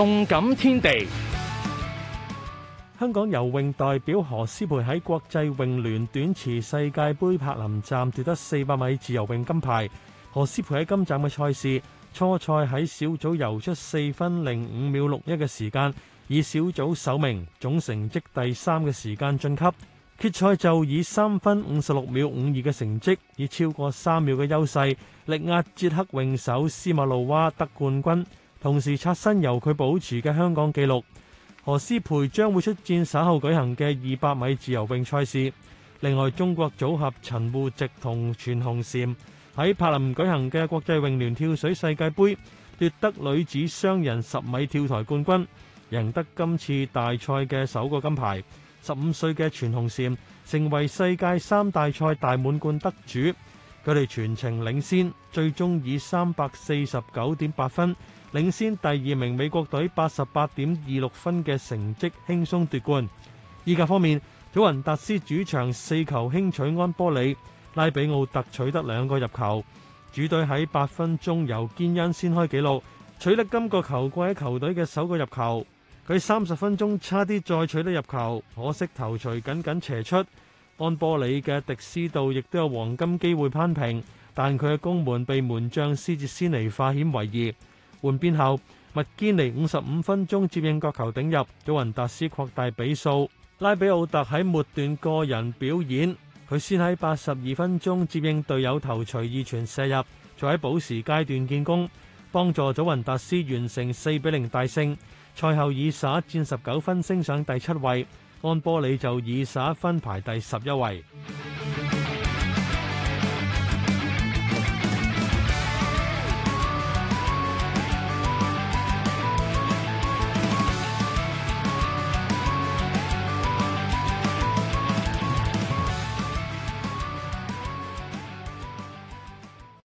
動感天地，香港游泳代表何詩蓓喺國際泳聯短池世界盃柏林站奪得四百米自由泳金牌。何詩蓓喺今站嘅賽事，初賽喺小組游出四分零五秒六一嘅時間，以小組首名、總成績第三嘅時間晉級。決賽就以三分五十六秒五二嘅成績，以超過三秒嘅優勢力壓捷克泳手絲瑪路娃得冠軍。同時刷新由佢保持嘅香港紀錄。何詩蓓將會出戰稍後舉行嘅二百米自由泳賽事。另外，中國組合陳芋汐同全紅嬋喺柏林舉行嘅國際泳聯跳水世界盃奪得女子雙人十米跳台冠軍，贏得今次大賽嘅首個金牌。十五歲嘅全紅嬋成為世界三大賽大滿貫得主。佢哋全程領先，最終以三百四十九點八分，領先第二名美國隊八十八點二六分嘅成績輕鬆奪冠。意甲方面，祖雲達斯主場四球輕取安波里，拉比奧特取得兩個入球。主隊喺八分鐘由堅恩先開紀錄，取得今個球季喺球隊嘅首個入球。佢三十分鐘差啲再取得入球，可惜頭錘僅僅斜出。安波里嘅迪斯道亦都有黃金機會攀平，但佢嘅攻門被門將斯捷斯尼化險為夷。換邊後，麥堅尼五十五分鐘接應角球頂入，祖雲達斯擴大比數。拉比奧特喺末段個人表演，佢先喺八十二分鐘接應隊友頭隨意傳射入，再喺補時階段建功，幫助祖雲達斯完成四比零大勝。賽後以十一戰十九分升上第七位，安波里就以十一分排第十一位。